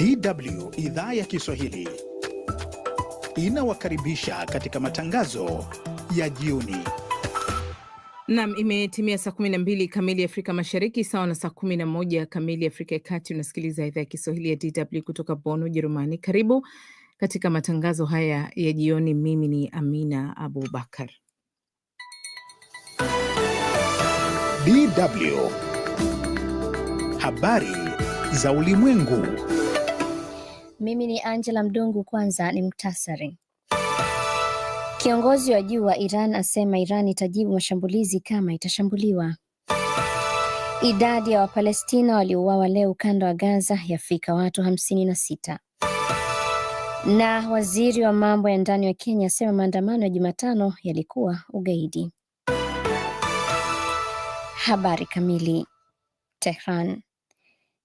DW idhaa ya Kiswahili inawakaribisha katika matangazo ya jioni. Nam, imetimia saa 12 kamili Afrika Mashariki, sawa na saa moja kamili Afrika ya Kati. Unasikiliza idhaa ya Kiswahili ya DW kutoka Bonn, Ujerumani. Karibu katika matangazo haya ya jioni. Mimi ni Amina Abubakar. DW habari za ulimwengu mimi ni Angela Mdungu. Kwanza ni muktasari. Kiongozi wa juu wa Iran asema Iran itajibu mashambulizi kama itashambuliwa. Idadi ya Wapalestina waliouawa leo ukanda wa Gaza yafika watu hamsini na sita. Na waziri wa mambo ya ndani wa Kenya asema maandamano ya Jumatano yalikuwa ugaidi. Habari kamili. Tehran.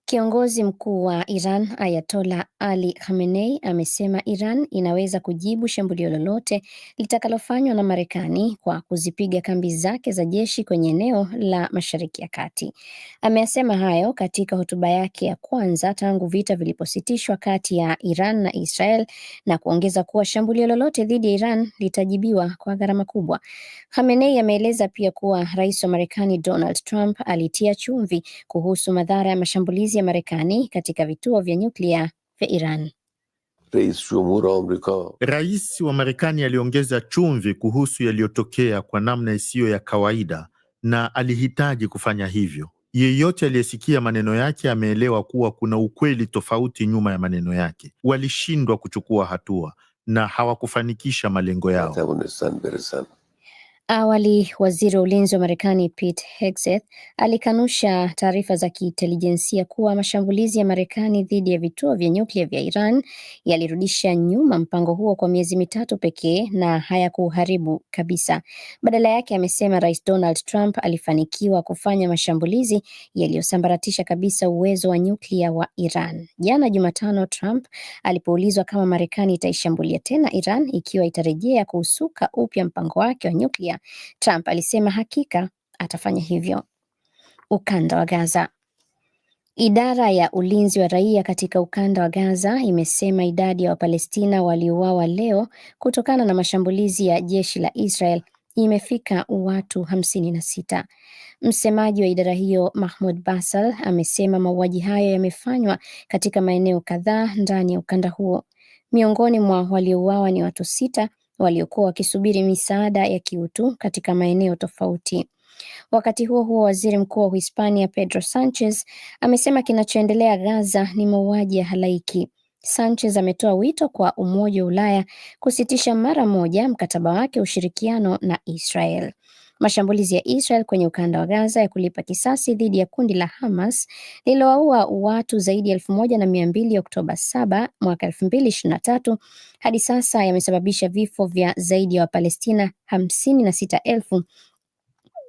Kiongozi mkuu wa Iran Ayatollah Ali Khamenei amesema Iran inaweza kujibu shambulio lolote litakalofanywa na Marekani kwa kuzipiga kambi zake za jeshi kwenye eneo la Mashariki ya Kati. Ameyasema hayo katika hotuba yake ya kwanza tangu vita vilipositishwa kati ya Iran na Israel na kuongeza kuwa shambulio lolote dhidi ya Iran litajibiwa kwa gharama kubwa. Khamenei ameeleza pia kuwa Rais wa Marekani Donald Trump alitia chumvi kuhusu madhara ya mashambulizi mashambulizi ya Marekani katika vituo vya nyuklia vya Iran. Rais wa Marekani aliongeza chumvi kuhusu yaliyotokea kwa namna isiyo ya kawaida na alihitaji kufanya hivyo. Yeyote aliyesikia maneno yake ameelewa kuwa kuna ukweli tofauti nyuma ya maneno yake. Walishindwa kuchukua hatua na hawakufanikisha malengo yao. Awali waziri wa ulinzi wa Marekani Pete Hegseth alikanusha taarifa za kiintelijensia kuwa mashambulizi ya Marekani dhidi ya vituo vya nyuklia vya Iran yalirudisha nyuma mpango huo kwa miezi mitatu pekee na hayakuharibu kabisa. Badala yake, amesema Rais Donald Trump alifanikiwa kufanya mashambulizi yaliyosambaratisha kabisa uwezo wa nyuklia wa Iran. Jana Jumatano, Trump alipoulizwa kama Marekani itaishambulia tena Iran ikiwa itarejea kuusuka upya mpango wake wa nyuklia Ulaya. Trump alisema hakika atafanya hivyo. Ukanda wa Gaza. Idara ya ulinzi wa raia katika ukanda wa Gaza imesema idadi ya Wapalestina waliouawa leo kutokana na mashambulizi ya jeshi la Israel imefika watu hamsini na sita. Msemaji wa idara hiyo Mahmud Basal amesema mauaji hayo yamefanywa katika maeneo kadhaa ndani ya ukanda huo. Miongoni mwa waliouawa ni watu sita waliokuwa wakisubiri misaada ya kiutu katika maeneo tofauti. Wakati huo huo, waziri mkuu wa Uhispania Pedro Sanchez amesema kinachoendelea Gaza ni mauaji ya halaiki. Sanchez ametoa wito kwa Umoja wa Ulaya kusitisha mara moja mkataba wake ushirikiano na Israel. Mashambulizi ya Israel kwenye ukanda wa Gaza ya kulipa kisasi dhidi ya kundi la Hamas lililowaua watu zaidi ya elfu moja na mia mbili Oktoba saba mwaka elfu mbili ishirini na tatu hadi sasa yamesababisha vifo vya zaidi ya Wapalestina hamsini na sita elfu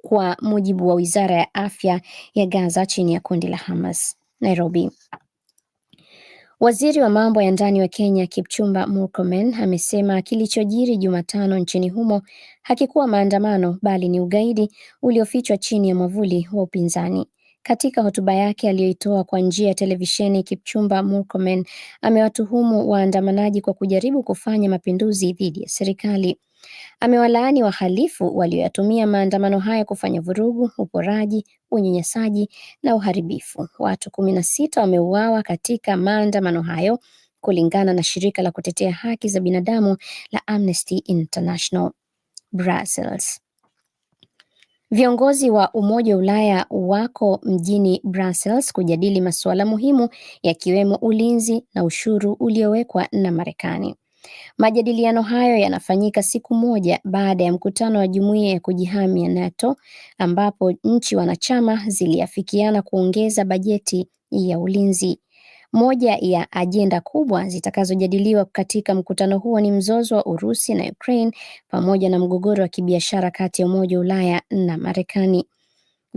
kwa mujibu wa wizara ya afya ya Gaza chini ya kundi la Hamas. Nairobi. Waziri wa mambo ya ndani wa Kenya Kipchumba Murkomen amesema kilichojiri Jumatano nchini humo hakikuwa maandamano bali ni ugaidi uliofichwa chini ya mwavuli wa upinzani. Katika hotuba yake aliyoitoa kwa njia ya televisheni, Kipchumba Murkomen amewatuhumu waandamanaji kwa kujaribu kufanya mapinduzi dhidi ya serikali. Amewalaani wahalifu walioyatumia maandamano haya kufanya vurugu, uporaji, unyanyasaji na uharibifu. Watu kumi na sita wameuawa katika maandamano hayo kulingana na shirika la kutetea haki za binadamu la Amnesty International Brussels. Viongozi wa Umoja wa Ulaya wako mjini Brussels kujadili masuala muhimu yakiwemo ulinzi na ushuru uliowekwa na Marekani. Majadiliano hayo yanafanyika siku moja baada ya mkutano wa jumuiya ya kujihami ya NATO ambapo nchi wanachama ziliafikiana kuongeza bajeti ya ulinzi. Moja ya ajenda kubwa zitakazojadiliwa katika mkutano huo ni mzozo wa Urusi na Ukraine pamoja na mgogoro wa kibiashara kati ya Umoja wa Ulaya na Marekani.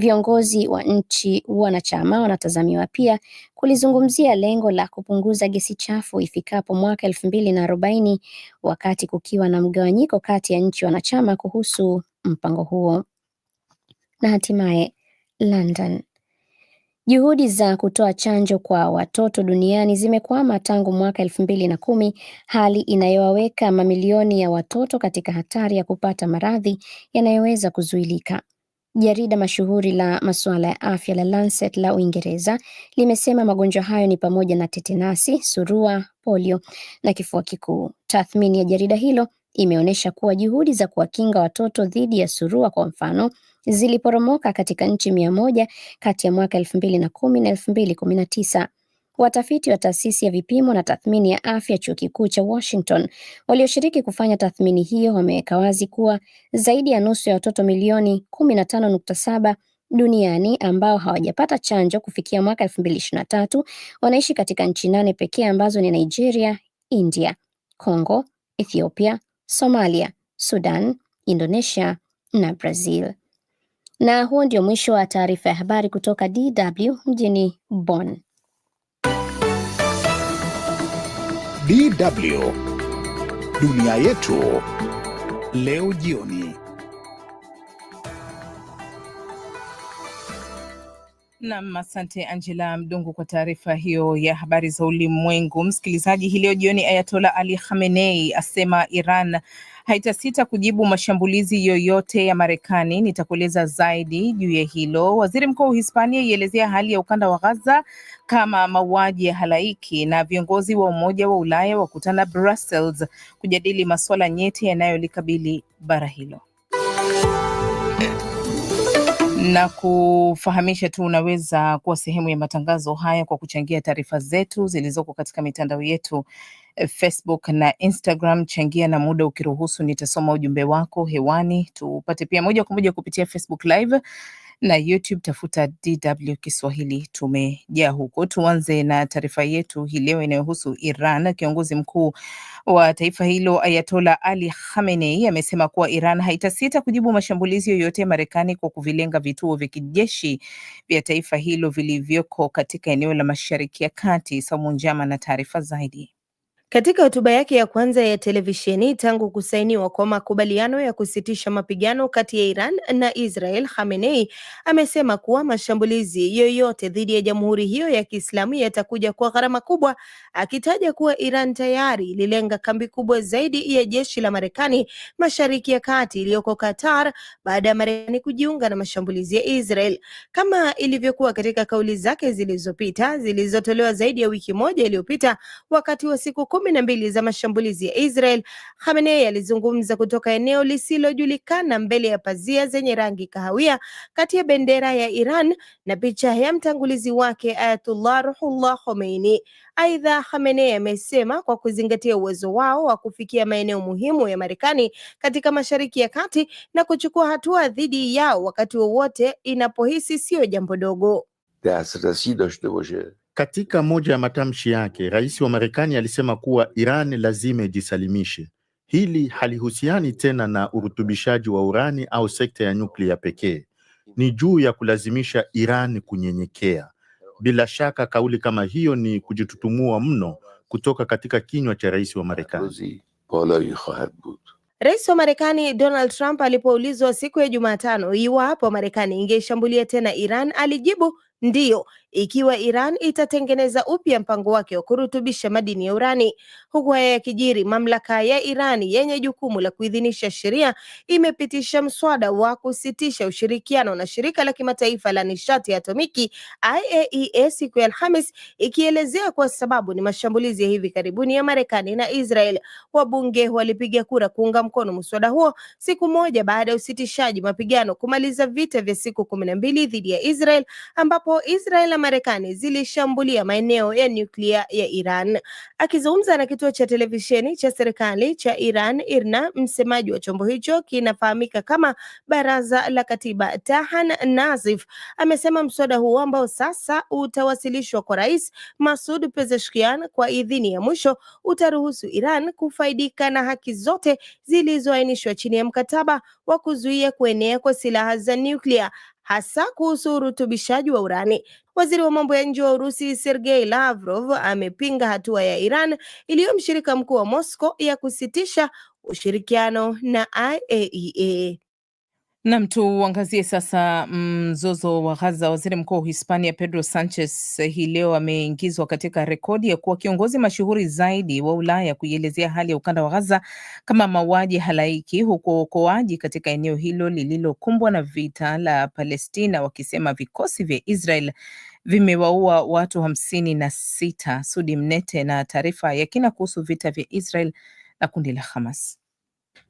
Viongozi wa nchi wanachama wanatazamiwa pia kulizungumzia lengo la kupunguza gesi chafu ifikapo mwaka elfu mbili na arobaini wakati kukiwa na mgawanyiko kati ya nchi wanachama kuhusu mpango huo. Na hatimaye London. Juhudi za kutoa chanjo kwa watoto duniani zimekwama tangu mwaka elfu mbili na kumi, hali inayowaweka mamilioni ya watoto katika hatari ya kupata maradhi yanayoweza kuzuilika. Jarida mashuhuri la masuala ya afya la Lancet la Uingereza limesema magonjwa hayo ni pamoja na tetenasi, surua, polio na kifua kikuu. Tathmini ya jarida hilo imeonyesha kuwa juhudi za kuwakinga watoto dhidi ya surua kwa mfano ziliporomoka katika nchi mia moja kati ya mwaka elfu mbili na kumi na elfu mbili kumi na tisa. Watafiti wa taasisi ya vipimo na tathmini ya afya chuo kikuu cha Washington walioshiriki kufanya tathmini hiyo wameweka wazi kuwa zaidi ya nusu ya watoto milioni 15.7 duniani ambao hawajapata chanjo kufikia mwaka 2023 wanaishi katika nchi nane pekee ambazo ni Nigeria, India, Congo, Ethiopia, Somalia, Sudan, Indonesia na Brazil. Na huo ndio mwisho wa taarifa ya habari kutoka DW mjini Bonn. DW Dunia Yetu Leo Jioni. Nam, asante Angela Mdungu kwa taarifa hiyo ya habari za ulimwengu. Msikilizaji, hii leo jioni Ayatola Ali Khamenei asema Iran haitasita kujibu mashambulizi yoyote ya Marekani. Nitakueleza zaidi juu ya hilo. Waziri mkuu wa Uhispania ielezea hali ya ukanda wa Gaza kama mauaji ya halaiki, na viongozi wa Umoja wa Ulaya wakutana Brussels kujadili masuala nyeti yanayolikabili bara hilo na kufahamisha tu unaweza kuwa sehemu ya matangazo haya kwa kuchangia taarifa zetu zilizoko katika mitandao yetu eh, Facebook na Instagram. Changia na muda ukiruhusu, nitasoma ujumbe wako hewani. Tupate pia moja kwa moja kupitia Facebook Live na YouTube tafuta DW Kiswahili. Tumejaa huko. Tuanze na taarifa yetu hii leo inayohusu Iran. Kiongozi mkuu wa taifa hilo Ayatola Ali Khamenei amesema kuwa Iran haitasita kujibu mashambulizi yoyote ya Marekani kwa kuvilenga vituo vya kijeshi vya taifa hilo vilivyoko katika eneo la Mashariki ya Kati. Samu Njama na taarifa zaidi. Katika hotuba yake ya kwanza ya televisheni tangu kusainiwa kwa makubaliano ya kusitisha mapigano kati ya Iran na Israel, Khamenei amesema kuwa mashambulizi yoyote dhidi ya jamhuri hiyo ya Kiislamu yatakuja kwa gharama kubwa, akitaja kuwa Iran tayari ililenga kambi kubwa zaidi ya jeshi la Marekani Mashariki ya Kati iliyoko Qatar baada ya Marekani kujiunga na mashambulizi ya Israel. Kama ilivyokuwa katika kauli zake zilizopita zilizotolewa zaidi ya wiki moja iliyopita wakati wa siku kumi na mbili za mashambulizi ya Israel, Khamenei alizungumza kutoka eneo lisilojulikana mbele ya pazia zenye rangi kahawia kati ya bendera ya Iran na picha ya mtangulizi wake Ayatullah Ruhullah Khomeini. Aidha, Khamenei amesema kwa kuzingatia uwezo wao wa kufikia maeneo muhimu ya Marekani katika Mashariki ya Kati na kuchukua hatua dhidi yao wakati wowote inapohisi siyo jambo dogo. Katika moja ya matamshi yake, rais wa Marekani alisema kuwa Iran lazima ijisalimishe. Hili halihusiani tena na urutubishaji wa urani au sekta ya nyuklia pekee, ni juu ya kulazimisha Iran kunyenyekea. Bila shaka kauli kama hiyo ni kujitutumua mno kutoka katika kinywa cha rais wa Marekani. Rais wa Marekani Donald Trump alipoulizwa siku ya Jumatano iwapo Marekani ingeishambulia tena Iran, alijibu ndiyo, ikiwa Iran itatengeneza upya mpango wake wa kurutubisha madini ya urani. Huku haya yakijiri, mamlaka ya Iran yenye jukumu la kuidhinisha sheria imepitisha mswada wa kusitisha ushirikiano na shirika la kimataifa la nishati ya atomiki IAEA e siku ya Alhamis, ikielezea kwa sababu ni mashambulizi ya hivi karibuni ya Marekani na Israel. Wabunge walipiga kura kuunga mkono mswada huo siku moja baada ya usitishaji mapigano kumaliza vita vya siku kumi na mbili dhidi ya Israel ambapo Israel Marekani zilishambulia maeneo ya nyuklia ya Iran. Akizungumza na kituo cha televisheni cha serikali cha Iran IRNA, msemaji wa chombo hicho kinafahamika kama Baraza la Katiba, Tahan Nazif amesema mswada huo ambao sasa utawasilishwa kwa Rais Masoud Pezeshkian kwa idhini ya mwisho utaruhusu Iran kufaidika na haki zote zilizoainishwa chini ya mkataba wa kuzuia kuenea kwa silaha za nyuklia hasa kuhusu urutubishaji wa urani. Waziri wa mambo ya nje wa Urusi Sergei Lavrov amepinga hatua ya Iran iliyo mshirika mkuu wa Moscow ya kusitisha ushirikiano na IAEA. E Nam, tuangazie sasa mm, mzozo wa Gaza. Waziri mkuu wa hispania Pedro Sanchez hii leo ameingizwa katika rekodi ya kuwa kiongozi mashuhuri zaidi wa Ulaya kuielezea hali ya ukanda wa Gaza kama mauaji halaiki, huku waokoaji katika eneo hilo lililokumbwa na vita la Palestina wakisema vikosi vya Israel vimewaua watu hamsini na sita. Sudi Mnete na taarifa ya kina kuhusu vita vya Israel na kundi la Hamas.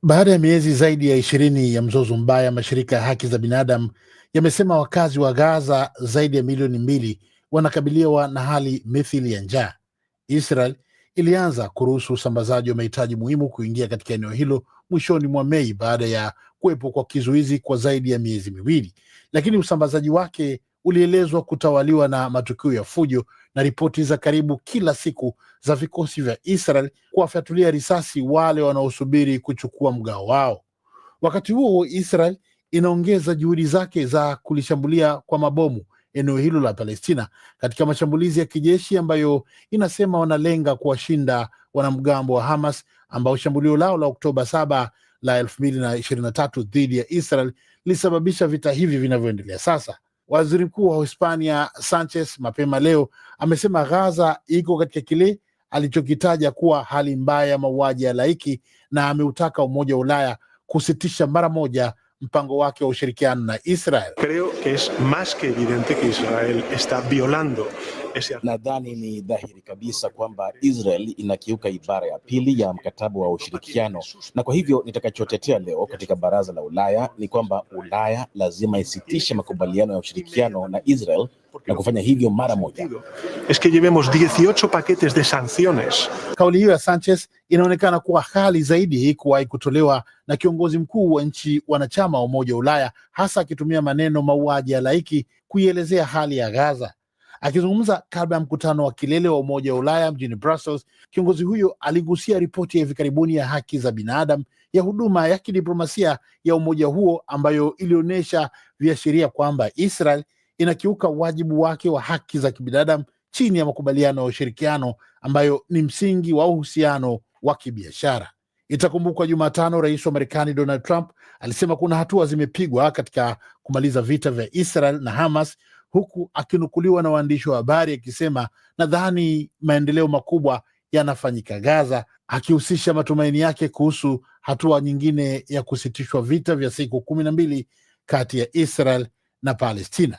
Baada ya miezi zaidi ya ishirini ya mzozo mbaya, mashirika ya haki za binadamu yamesema wakazi wa Gaza zaidi ya milioni mbili wanakabiliwa na hali mithili ya njaa. Israel ilianza kuruhusu usambazaji wa mahitaji muhimu kuingia katika eneo hilo mwishoni mwa Mei baada ya kuwepo kwa kizuizi kwa zaidi ya miezi miwili, lakini usambazaji wake ulielezwa kutawaliwa na matukio ya fujo na ripoti za karibu kila siku za vikosi vya Israel kuwafyatulia risasi wale wanaosubiri kuchukua mgao wao. Wakati huo huo Israel inaongeza juhudi zake za kulishambulia kwa mabomu eneo hilo la Palestina katika mashambulizi ya kijeshi ambayo inasema wanalenga kuwashinda wanamgambo wa Hamas ambao shambulio lao la Oktoba saba la elfu mbili na ishirini na tatu dhidi ya Israel lilisababisha vita hivi vinavyoendelea sasa. Waziri mkuu wa Hispania Sanchez mapema leo amesema Gaza iko katika kile alichokitaja kuwa hali mbaya ya mauaji ya laiki, na ameutaka Umoja wa Ulaya kusitisha mara moja mpango wake wa ushirikiano na Israel. Creo que es más que evidente que Israel está violando ese... Nadhani ni dhahiri kabisa kwamba Israel inakiuka ibara ya pili ya mkataba wa ushirikiano, na kwa hivyo nitakachotetea leo katika baraza la Ulaya ni kwamba Ulaya lazima isitishe makubaliano ya ushirikiano na Israel na kufanya hivyo mara moja. Es que llevemos 18 paquetes de sanciones. Kauli hiyo ya Sanchez inaonekana kuwa hali zaidi hii kuwahi kutolewa na kiongozi mkuu wa nchi wanachama wa Umoja wa Ulaya, hasa akitumia maneno mauaji ya laiki kuielezea hali ya Gaza. Akizungumza kabla ya mkutano wa kilele wa Umoja wa Ulaya mjini Brussels, kiongozi huyo aligusia ripoti ya hivi karibuni ya haki za binadamu ya huduma ya kidiplomasia ya umoja huo ambayo ilionyesha viashiria kwamba Israel inakiuka wajibu wake wa haki za kibinadamu chini ya makubaliano ya ushirikiano ambayo ni msingi wa uhusiano wa kibiashara. Itakumbukwa Jumatano, rais wa Marekani Donald Trump alisema kuna hatua zimepigwa katika kumaliza vita vya Israel na Hamas, huku akinukuliwa na waandishi wa habari akisema, nadhani maendeleo makubwa yanafanyika Gaza, akihusisha matumaini yake kuhusu hatua nyingine ya kusitishwa vita vya siku kumi na mbili kati ya Israel na Palestina.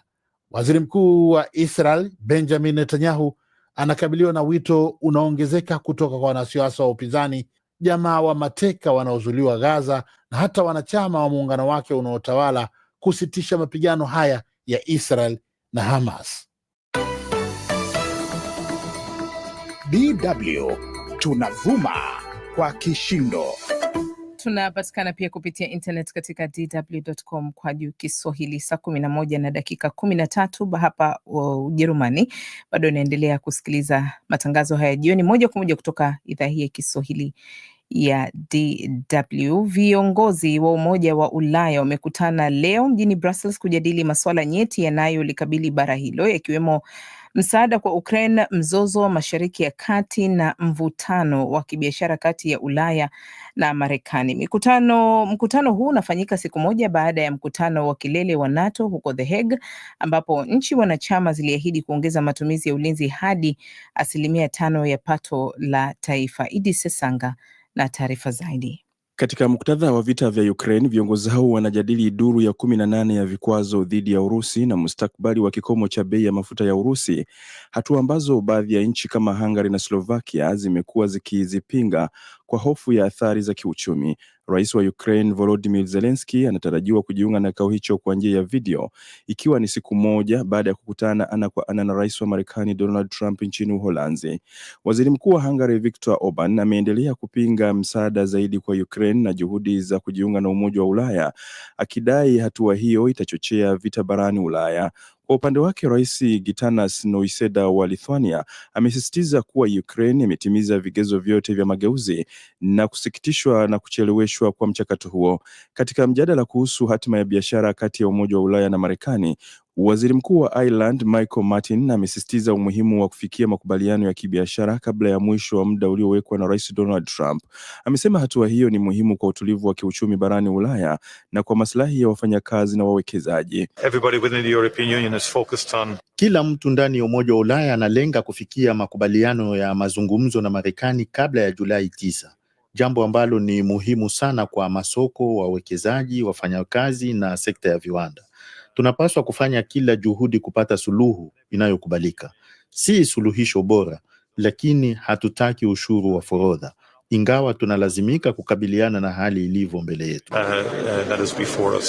Waziri Mkuu wa Israel Benjamin Netanyahu anakabiliwa na wito unaoongezeka kutoka kwa wanasiasa wa upinzani, jamaa wa mateka wanaozuliwa Gaza na hata wanachama wa muungano wake unaotawala kusitisha mapigano haya ya Israel na Hamas. DW tunavuma kwa kishindo tunapatikana pia kupitia internet katika dw.com kwa juu Kiswahili, saa kumi na moja na dakika kumi na tatu hapa Ujerumani. Bado inaendelea kusikiliza matangazo haya jioni, moja kwa moja kutoka idhaa hii ya Kiswahili ya DW. Viongozi wa Umoja wa Ulaya wamekutana leo mjini Brussels kujadili masuala nyeti yanayolikabili bara hilo yakiwemo msaada kwa Ukraine, mzozo wa Mashariki ya Kati na mvutano wa kibiashara kati ya Ulaya na Marekani. Mkutano, mkutano huu unafanyika siku moja baada ya mkutano wa kilele wa NATO huko The Hague, ambapo nchi wanachama ziliahidi kuongeza matumizi ya ulinzi hadi asilimia tano ya pato la taifa. Idi Sesanga na taarifa zaidi. Katika muktadha wa vita vya Ukraine, viongozi hao wanajadili duru ya kumi na nane ya vikwazo dhidi ya Urusi na mustakbali wa kikomo cha bei ya mafuta ya Urusi, hatua ambazo baadhi ya nchi kama Hungary na Slovakia zimekuwa zikizipinga kwa hofu ya athari za kiuchumi. Rais wa Ukraine Volodymyr Zelensky anatarajiwa kujiunga na kikao hicho kwa njia ya video, ikiwa ni siku moja baada ya kukutana ana kwa ana na rais wa Marekani Donald Trump nchini Uholanzi. Waziri mkuu wa Hungary Viktor Orban ameendelea kupinga msaada zaidi kwa Ukraine na juhudi za kujiunga na Umoja wa Ulaya, akidai hatua hiyo itachochea vita barani Ulaya. Kwa upande wake, Rais Gitanas noiseda wa Lithuania amesisitiza kuwa Ukraine imetimiza vigezo vyote vya mageuzi na kusikitishwa na kucheleweshwa kwa mchakato huo. Katika mjadala kuhusu hatima ya biashara kati ya Umoja wa Ulaya na Marekani, Waziri Mkuu wa Ireland Michael Martin amesisitiza umuhimu wa kufikia makubaliano ya kibiashara kabla ya mwisho wa muda uliowekwa na Rais Donald Trump. Amesema hatua hiyo ni muhimu kwa utulivu wa kiuchumi barani Ulaya na kwa maslahi ya wafanyakazi na wawekezaji. Kila mtu ndani ya Umoja wa Ulaya analenga kufikia makubaliano ya mazungumzo na Marekani kabla ya Julai tisa, jambo ambalo ni muhimu sana kwa masoko, wawekezaji, wafanyakazi na sekta ya viwanda. Tunapaswa kufanya kila juhudi kupata suluhu inayokubalika, si suluhisho bora, lakini hatutaki ushuru wa forodha ingawa tunalazimika kukabiliana na hali ilivyo mbele yetu. Uh, uh,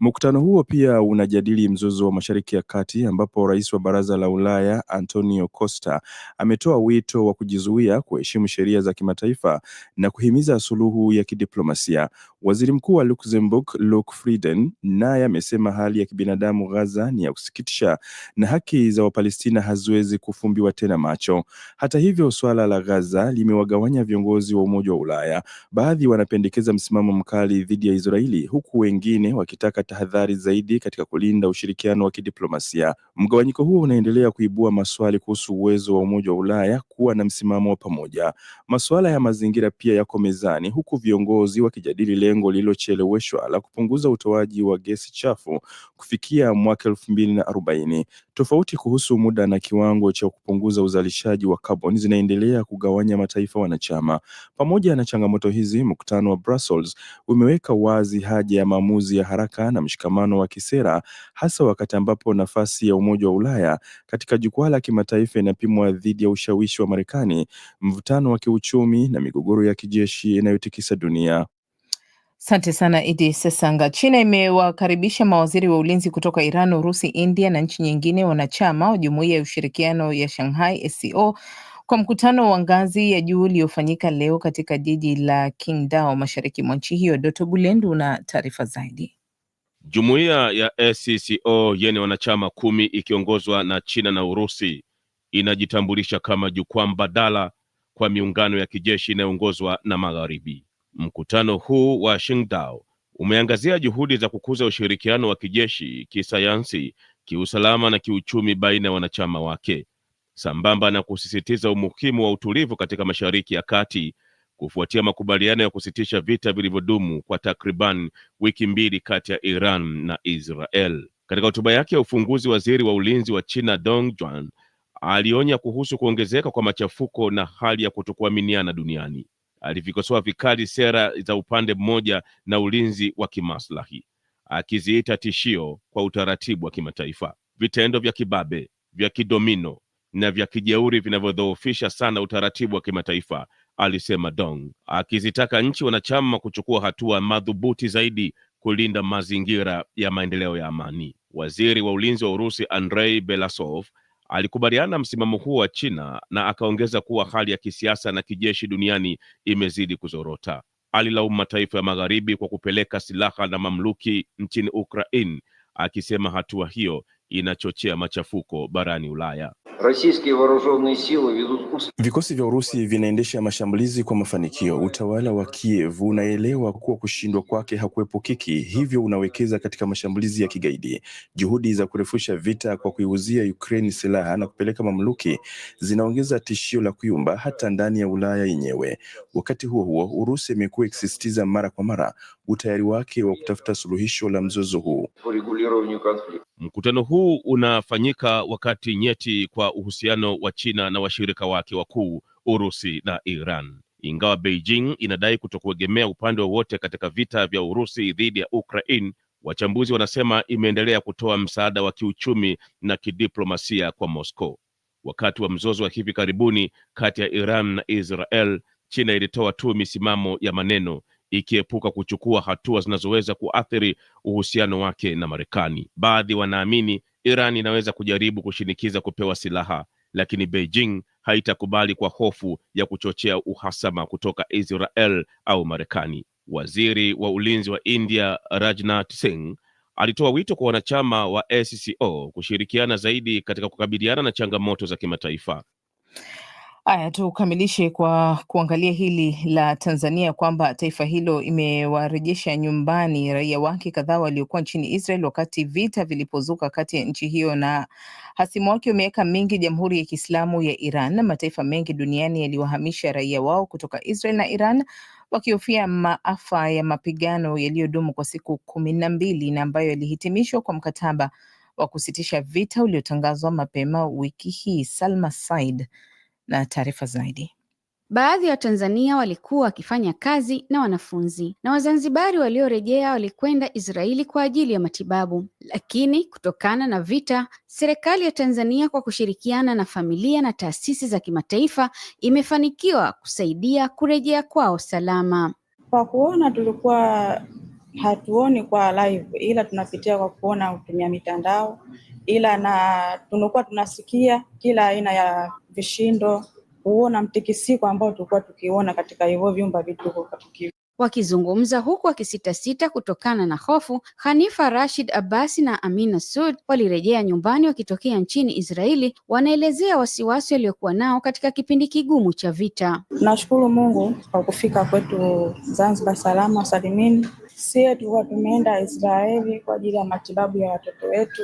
Mkutano huo pia unajadili mzozo wa Mashariki ya Kati ambapo rais wa Baraza la Ulaya Antonio Costa ametoa wito wa kujizuia, kuheshimu sheria za kimataifa na kuhimiza suluhu ya kidiplomasia. Waziri Mkuu wa Luxembourg Luc Frieden naye amesema hali ya kibinadamu Gaza ni ya kusikitisha na haki za Wapalestina haziwezi kufumbiwa tena macho. Hata hivyo, suala la Gaza limewagawanya viongozi wa Umoja wa Ulaya. Baadhi wanapendekeza msimamo mkali dhidi ya Israeli huku wengine wakitaka tahadhari zaidi katika kulinda ushirikiano wa kidiplomasia. Mgawanyiko huo unaendelea kuibua maswali kuhusu uwezo wa Umoja wa Ulaya kuwa na msimamo wa pamoja. Masuala ya mazingira pia yako mezani huku viongozi wakijadili lengo lililocheleweshwa la kupunguza utoaji wa gesi chafu kufikia mwaka elfu mbili na arobaini. Tofauti kuhusu muda na kiwango cha kupunguza uzalishaji wa kaboni zinaendelea kugawanya mataifa wanachama. Pamoja na changamoto hizi, mkutano wa Brussels umeweka wazi haja ya maamuzi ya haraka na mshikamano wa kisera, hasa wakati ambapo nafasi ya Umoja wa Ulaya katika jukwaa la kimataifa inapimwa dhidi ya ushawishi wa Marekani, mvutano wa kiuchumi na migogoro ya kijeshi inayotikisa dunia. Asante sana Idi Sesanga. China imewakaribisha mawaziri wa ulinzi kutoka Iran, Urusi, India na nchi nyingine wanachama wa jumuiya ya ushirikiano ya Shanghai SCO e kwa mkutano wa ngazi ya juu uliofanyika leo katika jiji la Qingdao mashariki mwa nchi hiyo, Doto Bulendu na taarifa zaidi. Jumuiya ya SCCO yenye wanachama kumi ikiongozwa na China na Urusi inajitambulisha kama jukwaa mbadala kwa miungano ya kijeshi inayoongozwa na Magharibi. Mkutano huu wa Qingdao umeangazia juhudi za kukuza ushirikiano wa kijeshi, kisayansi, kiusalama na kiuchumi baina ya wanachama wake sambamba na kusisitiza umuhimu wa utulivu katika Mashariki ya Kati kufuatia makubaliano ya kusitisha vita vilivyodumu kwa takriban wiki mbili kati ya Iran na Israel. Katika hotuba yake ya ufunguzi, waziri wa ulinzi wa China Dong Juan alionya kuhusu kuongezeka kwa machafuko na hali ya kutokuaminiana duniani. Alivikosoa vikali sera za upande mmoja na ulinzi wa kimaslahi, akiziita tishio kwa utaratibu wa kimataifa. Vitendo vya kibabe vya kidomino na vya kijeuri vinavyodhoofisha sana utaratibu wa kimataifa, alisema Dong, akizitaka nchi wanachama kuchukua hatua madhubuti zaidi kulinda mazingira ya maendeleo ya amani. Waziri wa ulinzi wa Urusi Andrei Belasov alikubaliana msimamo huo wa China na akaongeza kuwa hali ya kisiasa na kijeshi duniani imezidi kuzorota. Alilaumu mataifa ya magharibi kwa kupeleka silaha na mamluki nchini Ukraine, akisema hatua hiyo inachochea machafuko barani Ulaya. Vikosi vya Urusi vinaendesha mashambulizi kwa mafanikio. Utawala wa Kiev unaelewa kuwa kushindwa kwake hakuepukiki, hivyo unawekeza katika mashambulizi ya kigaidi. Juhudi za kurefusha vita kwa kuiuzia Ukraini silaha na kupeleka mamluki zinaongeza tishio la kuyumba hata ndani ya Ulaya yenyewe. Wakati huo huo, Urusi imekuwa ikisisitiza mara kwa mara utayari wake wa kutafuta suluhisho la mzozo huu. Mkutano huu unafanyika wakati nyeti kwa uhusiano wa China na washirika wake wakuu Urusi na Iran. Ingawa Beijing inadai kutokuegemea upande wowote katika vita vya Urusi dhidi ya Ukraine, wachambuzi wanasema imeendelea kutoa msaada wa kiuchumi na kidiplomasia kwa Moscow. Wakati wa mzozo wa hivi karibuni kati ya Iran na Israel, China ilitoa tu misimamo ya maneno ikiepuka kuchukua hatua zinazoweza kuathiri uhusiano wake na Marekani. Baadhi wanaamini Iran inaweza kujaribu kushinikiza kupewa silaha, lakini Beijing haitakubali kwa hofu ya kuchochea uhasama kutoka Israel au Marekani. Waziri wa ulinzi wa India Rajnath Singh alitoa wito kwa wanachama wa SCO kushirikiana zaidi katika kukabiliana na changamoto za kimataifa. Haya, tukamilishe kwa kuangalia hili la Tanzania kwamba taifa hilo imewarejesha nyumbani raia wake kadhaa waliokuwa nchini Israel wakati vita vilipozuka kati ya nchi hiyo na hasimu wake wa miaka mingi, Jamhuri ya Kiislamu ya Iran. Mataifa mengi duniani yaliwahamisha raia wao kutoka Israel na Iran wakihofia maafa ya mapigano yaliyodumu kwa siku kumi na mbili na ambayo yalihitimishwa kwa mkataba wa kusitisha vita uliotangazwa mapema wiki hii. Salma Said na taarifa zaidi. Baadhi ya Watanzania walikuwa wakifanya kazi na wanafunzi na Wazanzibari waliorejea walikwenda Israeli kwa ajili ya matibabu, lakini kutokana na vita, serikali ya Tanzania kwa kushirikiana na familia na taasisi za kimataifa imefanikiwa kusaidia kurejea kwao salama. Kwa kuona tulikuwa hatuoni kwa live, ila tunapitia kwa kuona kutumia mitandao, ila na tunakuwa tunasikia kila aina ya kishindo kuona mtikisiko ambao tulikuwa tukiona katika hivyo vyumba vituko tukio. Wakizungumza huku wakisitasita kutokana na hofu, Hanifa Rashid abasi na Amina Sud walirejea nyumbani wakitokea nchini Israeli. Wanaelezea wasiwasi waliokuwa nao katika kipindi kigumu cha vita. Nashukuru Mungu kwa kufika kwetu Zanzibar salama salimini. Sie tulikuwa tumeenda Israeli kwa ajili ya matibabu ya watoto wetu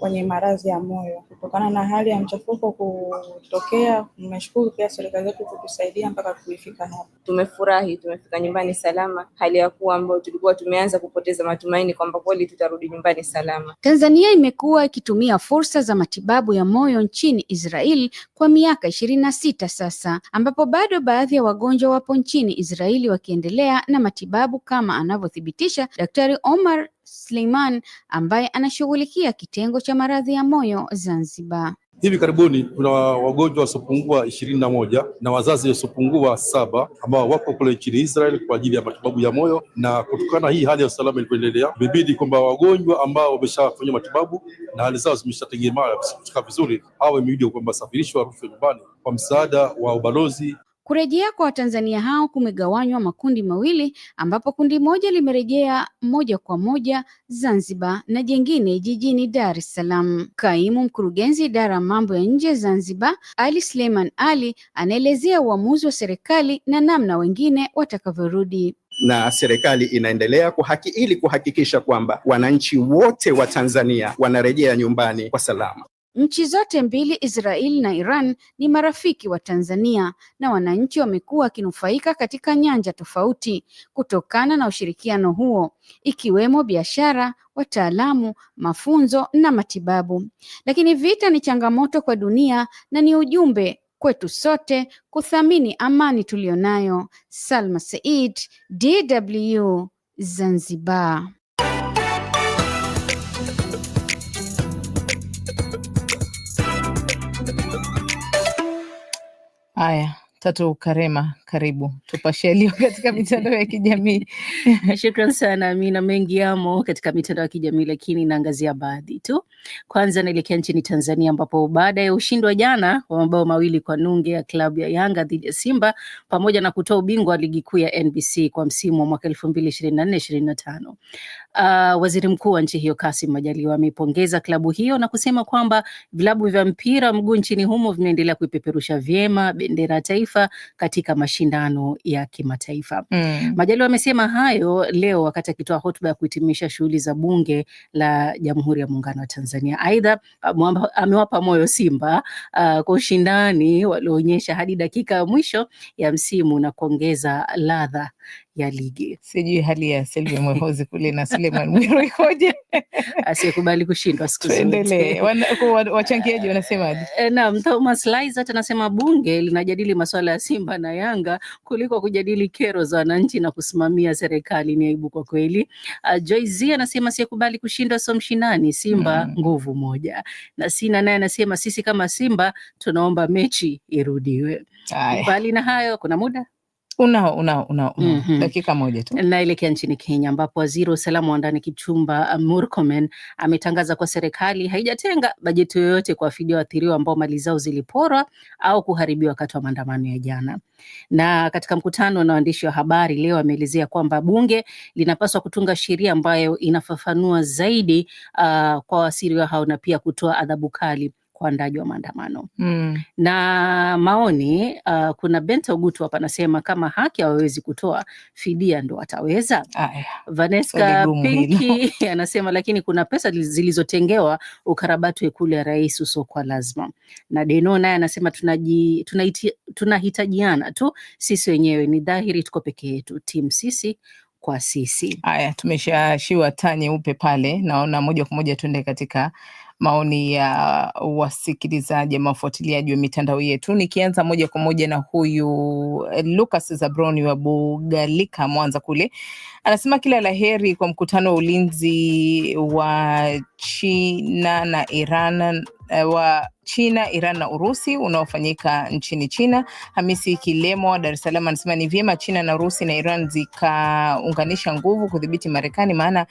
wenye maradhi ya moyo. Kutokana na hali ya mchafuko kutokea, nimeshukuru pia serikali yetu kutusaidia mpaka tumefika hapa. Tumefurahi, tumefika nyumbani salama, hali ya kuwa ambayo tulikuwa tumeanza kupoteza matumaini kwamba kweli tutarudi nyumbani salama. Tanzania imekuwa ikitumia fursa za matibabu ya moyo nchini Israeli kwa miaka ishirini na sita sasa, ambapo bado baadhi ya wagonjwa wapo nchini Israeli wakiendelea na matibabu kama anavyothibitisha Daktari Omar Suleiman ambaye anashughulikia kitengo cha maradhi ya moyo Zanzibar. Hivi karibuni kuna wagonjwa wasiopungua ishirini na moja na wazazi wasiopungua saba ambao wako kule nchini Israel kwa ajili ya matibabu ya moyo, na kutokana hii hali ya usalama ilivyoendelea, imebidi kwamba wagonjwa ambao wameshafanywa matibabu na hali zao zimeshategemea kutoka vizuri, hawa imebidi kwamba wasafirishwe warudishwe nyumbani kwa msaada wa ubalozi Kurejea kwa Watanzania hao kumegawanywa makundi mawili ambapo kundi moja limerejea moja kwa moja Zanzibar na jengine jijini Dar es Salaam. Kaimu mkurugenzi idara ya mambo ya nje Zanzibar, Ali Suleiman Ali, anaelezea uamuzi wa serikali na namna wengine watakavyorudi na serikali inaendelea kuhaki ili kuhakikisha kwamba wananchi wote wa Tanzania wanarejea nyumbani kwa salama. Nchi zote mbili Israel na Iran ni marafiki wa Tanzania na wananchi wamekuwa wakinufaika katika nyanja tofauti kutokana na ushirikiano huo ikiwemo biashara, wataalamu, mafunzo na matibabu. Lakini vita ni changamoto kwa dunia na ni ujumbe kwetu sote kuthamini amani tuliyonayo. Salma Said, DW, Zanzibar. haya. Tatu Karema, karibu tupashe leo katika mitandao ya kijamii. Shukran sana Amina, mengi yamo katika mitandao ya kijamii lakini naangazia baadhi tu. Kwanza naelekea nchini Tanzania ambapo baada ya ushindi wa jana wa mabao mawili kwa nunge ya klabu ya Yanga dhidi ya Simba pamoja na kutoa ubingwa wa ligi kuu ya NBC kwa msimu wa mwaka elfu mbili ishirini na nne ishirini na tano uh, waziri mkuu wa nchi hiyo Kassim Majaliwa ameipongeza klabu hiyo na kusema kwamba vilabu vya mpira mguu nchini humo vimeendelea kuipeperusha vyema bendera ya taifa taifa katika mashindano ya kimataifa. Mm. Majaliwa amesema hayo leo wakati akitoa hotuba ya kuhitimisha shughuli za bunge la Jamhuri ya Muungano wa Tanzania. Aidha, amewapa moyo Simba uh, kwa ushindani walioonyesha hadi dakika ya mwisho ya msimu na kuongeza ladha ya ligi. Sijui hali ya Selvi Mwehozi kule na Suleiman Mwiru ikoje? asiyekubali kushindwa siku zote. Tuendelee, wachangiaji wanasemaje? Eh, naam, Thomas Lizat anasema bunge linajadili masuala ya Simba na Yanga kuliko kujadili kero za wananchi na kusimamia serikali. Ni aibu kwa kweli. Uh, Joyce anasema siyekubali kushindwa so mshinani. Simba mm. nguvu moja. Na Sina naye anasema sisi kama Simba tunaomba mechi irudiwe. bali na hayo, kuna muda Unao, unao, Mm -hmm. Dakika moja tu. Naelekea nchini Kenya ambapo waziri wa usalama wa ndani Kipchumba uh, Murkomen ametangaza kuwa serikali haijatenga bajeti yoyote fidia waathiriwa ambao mali zao ziliporwa au kuharibiwa wakati wa maandamano ya jana. Na katika mkutano na waandishi wa habari leo ameelezea kwamba bunge linapaswa kutunga sheria ambayo inafafanua zaidi uh, kwa wasiriwa hao na pia kutoa adhabu kali uandaaji wa maandamano mm. na maoni uh, kuna Bento Gutu hapa anasema kama haki hawawezi kutoa fidia ndo wataweza. Vaneska Pinki anasema lakini kuna pesa zilizotengewa ukarabati wa ikulu ya rais usio kwa lazima, na Deno naye anasema tunahitajiana tu sisi wenyewe, ni dhahiri tuko peke yetu, timu sisi kwa sisi. Haya, tumeshashiwa taa nyeupe pale, naona moja kwa moja tuende katika maoni ya wasikilizaji ama wafuatiliaji wa mitandao yetu, nikianza moja kwa moja na huyu eh, Lucas Zabroni wa Bugalika, Mwanza kule, anasema kila la heri kwa mkutano wa ulinzi wa China na Iran eh, wa China, Iran na Urusi unaofanyika nchini China. Hamisi Kilemo wa Dar es Salaam anasema ni vyema China na Urusi na Iran zikaunganisha nguvu kudhibiti Marekani, maana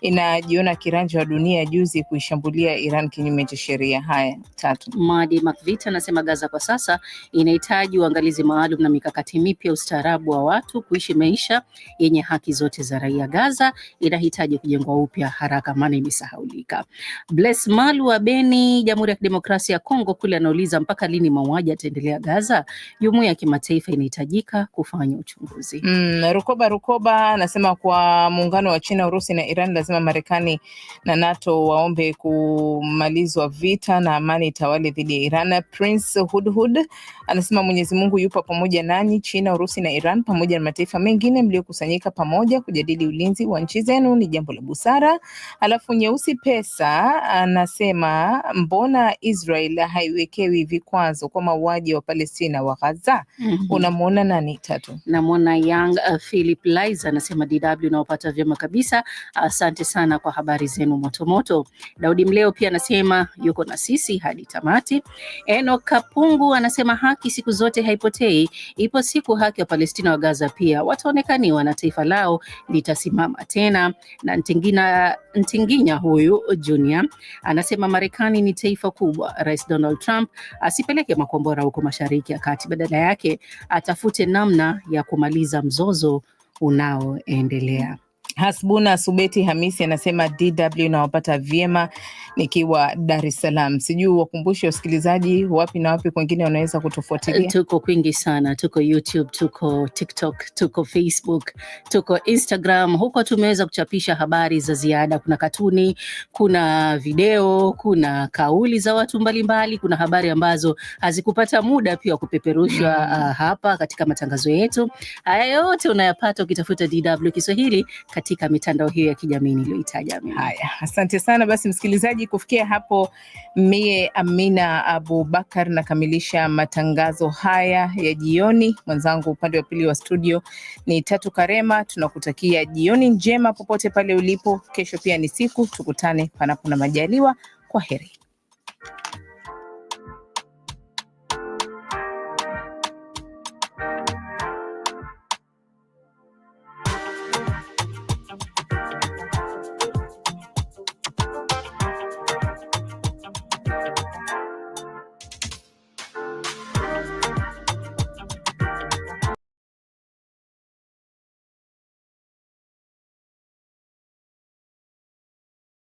inajiona kiranja wa dunia juzi kuishambulia Iran kinyume cha sheria. Haya, tatu. Madi Makvita anasema Gaza kwa sasa inahitaji uangalizi maalum na mikakati mipya, ustaarabu wa watu kuishi maisha yenye haki zote za raia. Gaza inahitaji kujengwa upya haraka, maana imesahaulika. Bless Malu wa Beni, Jamhuri ya Kidemokrasia ya Kongo kule anauliza mpaka lini mauaji yataendelea Gaza? Jumuiya ya kimataifa inahitajika kufanya uchunguzi. Mm, Rukoba Rukoba anasema kwa muungano wa China, Urusi na Iran lazima Marekani na NATO waombe kumalizwa vita na amani itawale dhidi ya Iran. Prince Hudhud anasema Mwenyezi Mungu yupo pamoja nanyi, China, Urusi na Iran pamoja na mataifa mengine mliokusanyika pamoja kujadili ulinzi wa nchi zenu ni jambo la busara. Alafu Nyeusi Pesa anasema mbona Israel haiwekewi vikwazo kwa mauaji wa Palestina wa Gaza? mm -hmm. Unamwona nani tatu? Namwona Young uh, Philip Liza anasema DW unaopata vyema kabisa, asante uh, Asante sana kwa habari zenu motomoto. Daudi Mleo pia anasema yuko na sisi hadi tamati. Eno Kapungu anasema haki siku zote haipotei, ipo siku haki wa Palestina wa Gaza pia wataonekaniwa na taifa lao litasimama tena. Na Ntingina, Ntinginya huyu Junior anasema Marekani ni taifa kubwa, Rais Donald Trump asipeleke makombora huko Mashariki ya Kati, badala yake atafute namna ya kumaliza mzozo unaoendelea. Hasbuna Subeti Hamisi anasema DW nawapata vyema nikiwa Dar es Salaam. Sijui wakumbushe wasikilizaji wapi na wapi kwengine wanaweza kutufuatilia. Tuko kwingi sana, tuko YouTube, tuko TikTok, tuko Facebook, tuko Instagram. Huko tumeweza kuchapisha habari za ziada, kuna katuni, kuna video, kuna kauli za watu mbalimbali, kuna habari ambazo hazikupata muda pia kupeperushwa mm. hapa katika matangazo yetu. Haya yote unayapata ukitafuta DW Kiswahili katika katika mitandao hiyo ya kijamii niliyoitaja. Haya, asante sana. Basi msikilizaji, kufikia hapo, mie Amina Abubakar nakamilisha matangazo haya ya jioni. Mwenzangu upande wa pili wa studio ni Tatu Karema. Tunakutakia jioni njema popote pale ulipo. Kesho pia ni siku, tukutane panapo na majaliwa. Kwa heri.